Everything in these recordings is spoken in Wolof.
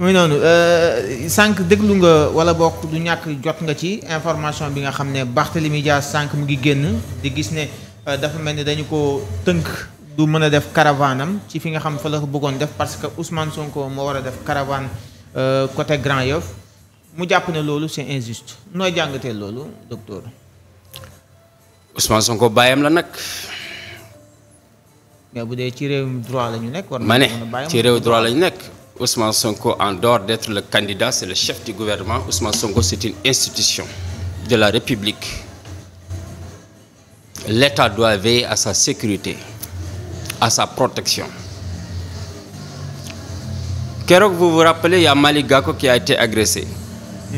muy noonu euh, sànq déglu nga wala bokk du ñàkk jot nga ci information bi nga xam ne Barthélémy jaar sànq mu ngi génn di gis ne euh, dafa mel ni dañu ko tënk du mën a def caravane ci fi nga xam fa la ko bëggoon def parce que Ousmane Sonko moo war a def caravane euh, côté Grand Yoff mu jàpp ne loolu c'est injuste nooy jàngatee loolu docteur. Ousmane Sonko bàyyam la nag. mais bu dee ci réew droit la ñu nekk. war na ma ne ci réew droit la ñu nekk. Ousmane Sonko, en dehors d'être le candidat, c'est le chef du gouvernement. Ousmane Sonko, c'est une institution de la République. L'État doit veiller à sa sécurité, à sa protection. Keroog, vous vous rappelez, il y a Malick Gakou qui a été agressé. Hmm.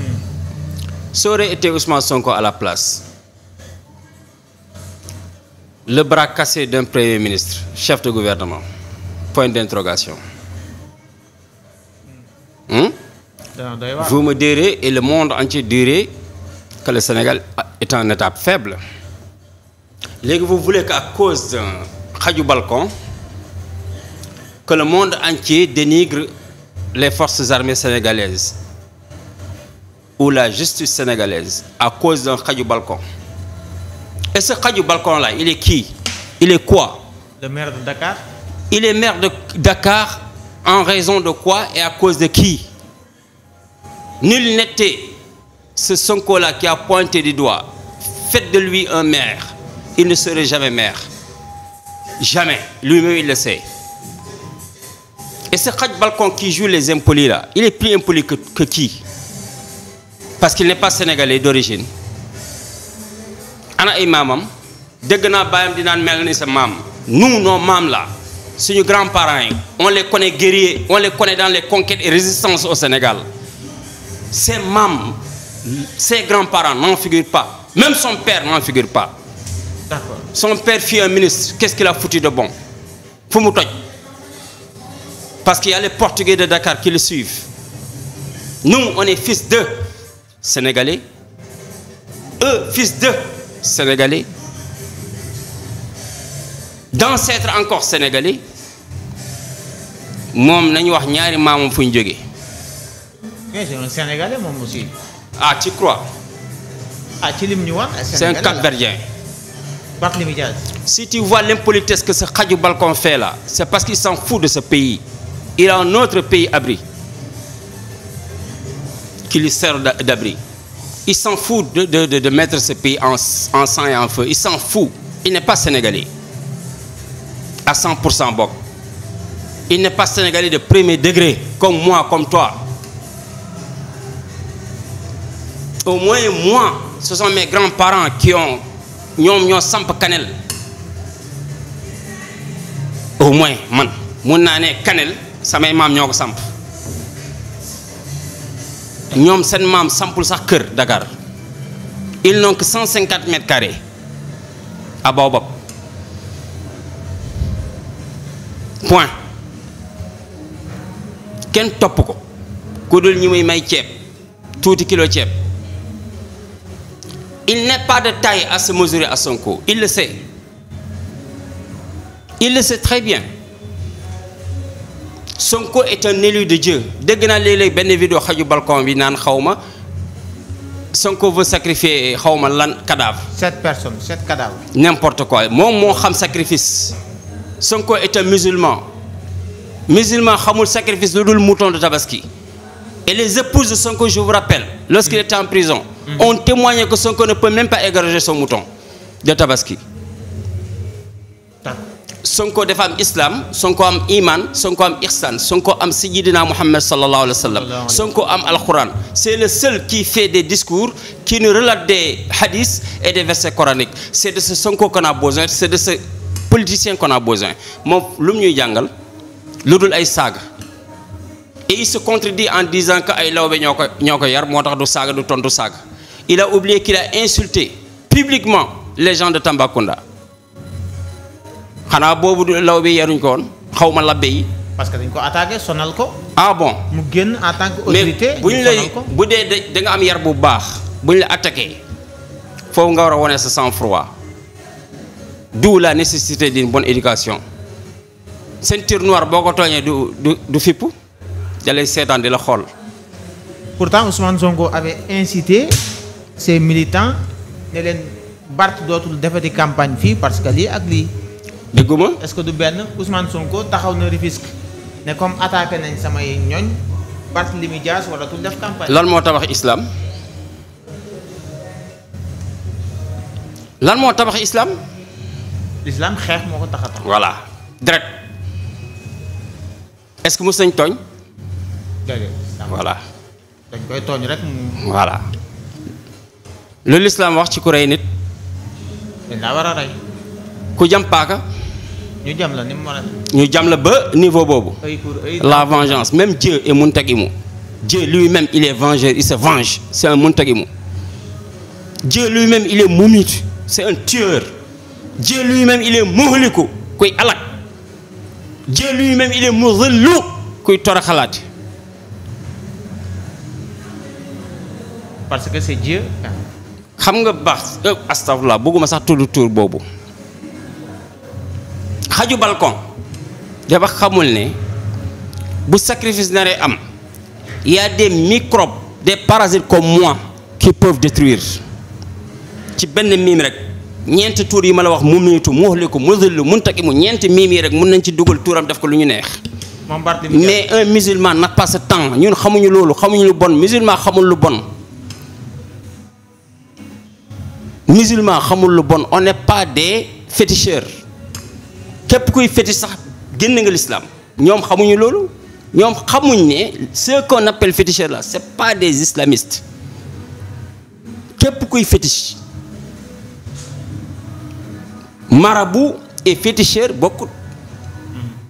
Ça aurait été Ousmane Sonko à la place. Le bras cassé d'un premier ministre, chef de gouvernement. Point d'interrogation. vous me direz et le monde entier dirait que le Sénégal est en étape faible léegi vous voulez qu'à cause d'un xaju balcon que le monde entier dénigre les forces armées sénégalaises ou la justice sénégalaise à cause d'un xaju balcon et ce xaju balcon là il est qui il est quoi le maire de il est maire de Dakar en raison de quoi et à cause de qui Nul n'était ce Sonko-là qui a pointé du doigt. Faites de lui un maire. Il ne serait jamais maire. Jamais. Lui-même, il le Et ce Khadj Balcon qui joue les impolis là, il est plus impoli que, que qui Parce qu'il n'est pas sénégalais d'origine. ana ay maamam dégg naa baayam di naan mel ni sa maam nous nos maam là suñu grands-parents yi on les connaît guerriers on les connaît dans les conquêtes et résistances au Sénégal ses membres, ses grands-parents n'en figurent pas. Même son père n'en figure pas. D'accord. Son père fut un ministre. Qu'est-ce qu'il a foutu de bon Fumutok. Parce qu'il y a les Portugais de Dakar qui le suivent. Nous, on est fils de Sénégalais. Eux, fils de Sénégalais. D'ancêtres encore Sénégalais. fu ñu jóge mais c'est un sénégalais moom aussi. ah ci croix. ah ci lim ñu wan. c'est un Cap-Verdien. Barthélémy Diaz. si tu vois l'impolitesse que ce xaju balcon fait là c'est parce qu'il s'en fout de ce pays il a un autre pays abri qui sert d'abri il s'en fout de, de de de mettre ce pays en en sang et en feu il s'en fout il n'est pas sénégalais à 100 pour cent bokk il n'est pas sénégalais de premier degré comme moi comme toi. au moins moi ce sont mes grands-parents qui ñoom ñoo samp Kanel au moins man mun naa ne Kanel samay maam ñoo ko samp ñoom seen maam sampul sax kër Dakar ils n'ont que 150 mètres carrés à Baobab point kenn topp ko ku dul ñi muy may ceeb tuuti kilo ceeb Il n'est pas de taille à se mesurer à Sonko. Il le sait. Il le sait très bien. Sonko est un élu de Dieu. dégg naa léeg-léeg benn vidéo xaju balkon bi naan xaw ma Sonko veut sacrifier xaw ma lan cadavre. sept personnes sept cadavres. n'importe quoi moom moo xam sacrifice. Sonko est un musulman. musulman xamul sacrifice lu dul mouton de tabaski. et les épouses de Sonko je vous rappelle. lorsqu'il était mm. en prison. ont témoigné que Sonko ne peut même pas égorger son mouton de Tabaski. Sonko dafa am islam Sonko am iman Sonko am ihsan Sonko am sayyidina Muhammad sallallahu alayhi wa sallam Sonko am alquran c'est le seul qui fait des discours qui nous relat des hadiths et des versets coraniques c'est de ce Sonko qu'on besoin c'est de ce politicien qu'on besoin moom lu mu ñuy jàngal lu dul ay saaga et il se contredit en disant que ay lawbe ñoo ko ñoo ko yar moo tax du saaga du tontu saaga il a oublié qu'il insulté publiquement les gens de Tambacounda xanaa boobu du law bi yaruñ ko woon xaw ma labbe yi. parce que dañ ko attaqué sonal ko. ah bon mu génn en tant que autorité bu ñu lay bu dee da nga am yar bu baax bu ñu la attaqué foofu nga war a wane sa sang-froid d'où la nécessité d'une bonne éducation ceinture noire boo ko tooñee du du du fipp da lay seetaan di la xool. pourtant Ousmane Sonko avait incité. ses militants ne leen Barth dootul defati campagne fii parce que lii ak lii. dégguma est-ce que du benn Ousmane Sonko taxaw na Rufisque ne comme attaqué nañ samay ñooñ Barthélémy Dias waratul def campagne. lan moo tabax islam lan moo tabax islam. l'islam xeex moo ko tax a tax. voilà direct est-ce nañ tooñ. voilà. dañ koy tooñ rek mu. voilà. lu lislaam wax ci ku rey nit. dañ laa ku jam paaka. ñu jam la ni ba niveau boobu. la vengeance même Dieu est muntagimu. Dieu lui-même il est vengeur il se venge c'est un muntagimu. Dieu lui-même il est mumit c'est un tueur. Dieu lui-même il est muhliku kuy alak. Dieu lui-même il est muzillu kuy toroxalaat. parce que c'est xam nga baax astafurlah bëgguma sax tudd tur boobu xaju balcon dafa xamul ne bu sacrifice naree am y a des microbes des parasites comme moi qui peuvent détruire ci benn miim rek ñeenti tuur yi ma la wax mu miitu mu waxliku mu zillu muntakimu ñeenti miim yi rek mun nañ ci dugal tuuram def ko lu ñu neex mais un musulman n'a pas ce temps ñun xamuñu loolu xamuñu lu bon musulman xamul lu bon musulman xamul lu bon on n'est pas des féticheurs képp kuy fétiche sax génn nga l'islam ñoom xamuñu loolu ñoom xamuñ ne ce qu'on appelle féticheur là c'est pas des islamistes képp kuy fétiche marabout et féticheur bokkut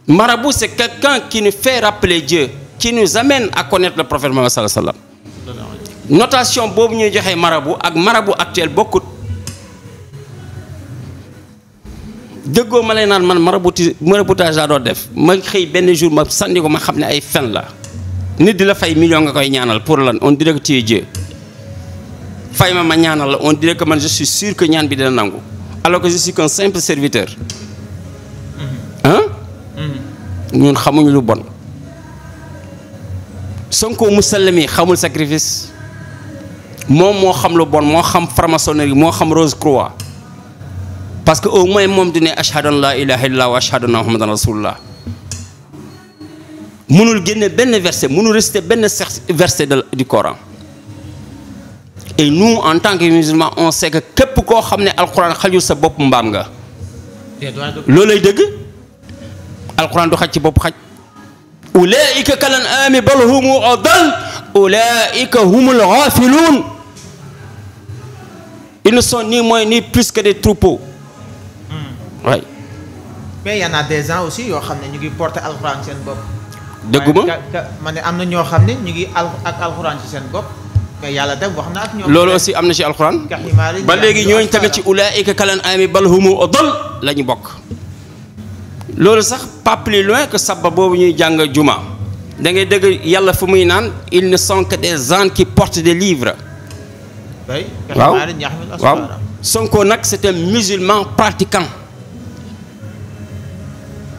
marabout c'est quelqu'un qui nous fait rappeler Dieu qui nous amène à connaître le prophète Mohammed sallallahu notation boobu ñuy joxe marabout ak marabout actuel bokkut dëggoo ma lay naan man marabouti maraboutage laa doon def ma xëy benn jour ma sànni ko ma xam ne ay fen la nit di la fay million nga koy ñaanal pour lan on dirait que tu es fay ma ma ñaanal la on dirait que man je suis sûr que ñaan bi dina nangu alors que je suis qu'un simple serviteur ah ñun xamuñu lu bon Sonko musallami xamul sacrifice moom moo xam lu bon moo xam franc-maçonnerie moo xam Rose Croix parce que au moins moom du ne ashhadu laa ilaha illallah wa ashhadu anna muhammadan rasulullah génne benn verset mënul réciter benn verset du Coran et nous en tant que musulmans on sait que képp koo xam ne alquran xajul sa bopp mbaam nga. loolay dëgg alquran du xaj bopp xaj. ulaika kalan aami bal humu adal ulaika humul ghafiluun ils ne sont ni moins ni plus que des troupeaux. waay. mais y en des gens aussi yoo xam ne ñu ngi porté alxuraan seen bopp. dëgguma ma ne am na ñoo xam ne ñu ngi al ak alxuraan ci seen bopp. mais yàlla tam wax na ak ñoom. loolu aussi am na ci ba léegi ñooñu tamit ci ulaayika kalan ami bal humu odol la ñu bokk. sax pas plus que sabba boobu ñuy jàng juma. da ngay dëgg yàlla fu muy naan ils ne des gens qui des livres. nag c'est musulman pratiquant.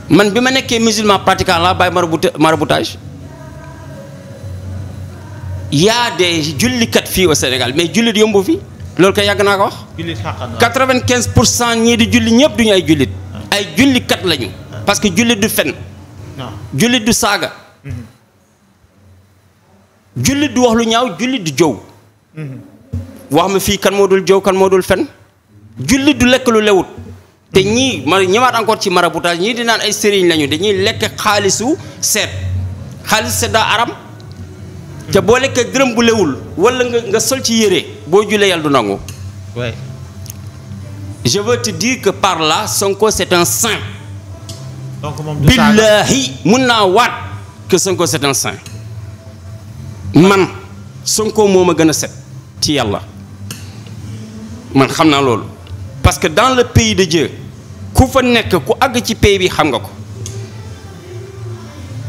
man bi ma nekkee musulman pratiquant laa bàyyi maraboutage y a des jullikat fii au Sénégal mais jullit yombu fi loolu kay yàgg naa ko wax. jullit quatre vingt pour cent ñii di julli ñëpp duñu ay jullit. Ah. ay jullikat lañu. Ah. parce que jullit du fen. Ah. jullit du saaga. Mm-hmm. jullit du wax lu ñaaw jullit du jow. Mm-hmm. wax ma fii kan moo dul jow kan moo dul fen. jullit du lekk lu lewut. te ñii ma ñëwaat encore ci mara maraboutage ñii di naan ay sëriñ lañu dañuy lekk xaalisu seet xaalis seet daa aram te boo lekkee dërëm bu lewul nga nga sol ci yére boo julee yàlla du nangu. je par là Sonko c'est un saint. donc moom du billahi mun naa waat que Sonko c'est un man Sonko moom ma gën a set ci yàlla man xam naa loolu. parce que dans le pays de Dieu ku fa nekk ku àgg ci pays bi xam nga ko.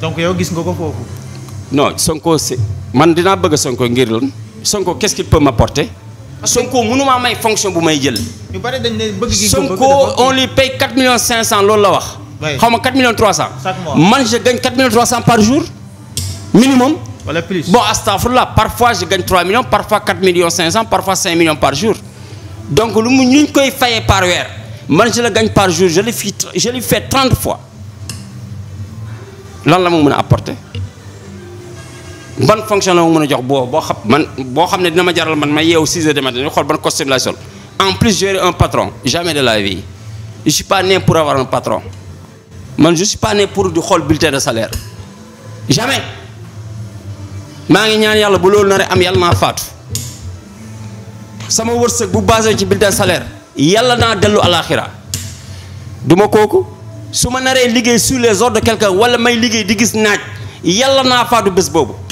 donc yow gis nga ko foofu. non Sonko si man dinaa bëgg Sonko ngir lan Sonko qu'est-ce qu'il peut m'apporter. Sonko mënuma may fonction bu may jël. Sonko on lui paye loolu la wax. xaw ma 4 millions 300. man je gagne 4 millions par jour minimum. bon astafurlah parfois je gagne 3 millions parfois par jour. donc lu mu ñu koy fayee par weer man je le gagne par jour je le fais je le fais trente fois lan la ma mën a apporter ban fonction la mu mën a jox boo boo xam man boo xam ne dina ma jaral man ma yeewu 6 heures du matin ñu xool ban costume lay sol en plus j'ai un patron jamais de la vie je suis pas né pour avoir un patron man je suis pas né pour di xool bulletin de salaire jamais maa ngi ñaan yàlla bu loolu naree am yàlla maa faatu. sama wërsëg bu basé ci bulletin salaire yàlla naa dellu alaxira du ma kooku su ma naree liggéey sur les ordres de quelqu'un wala may liggéey di gis naaj yàlla naa faatu bés boobu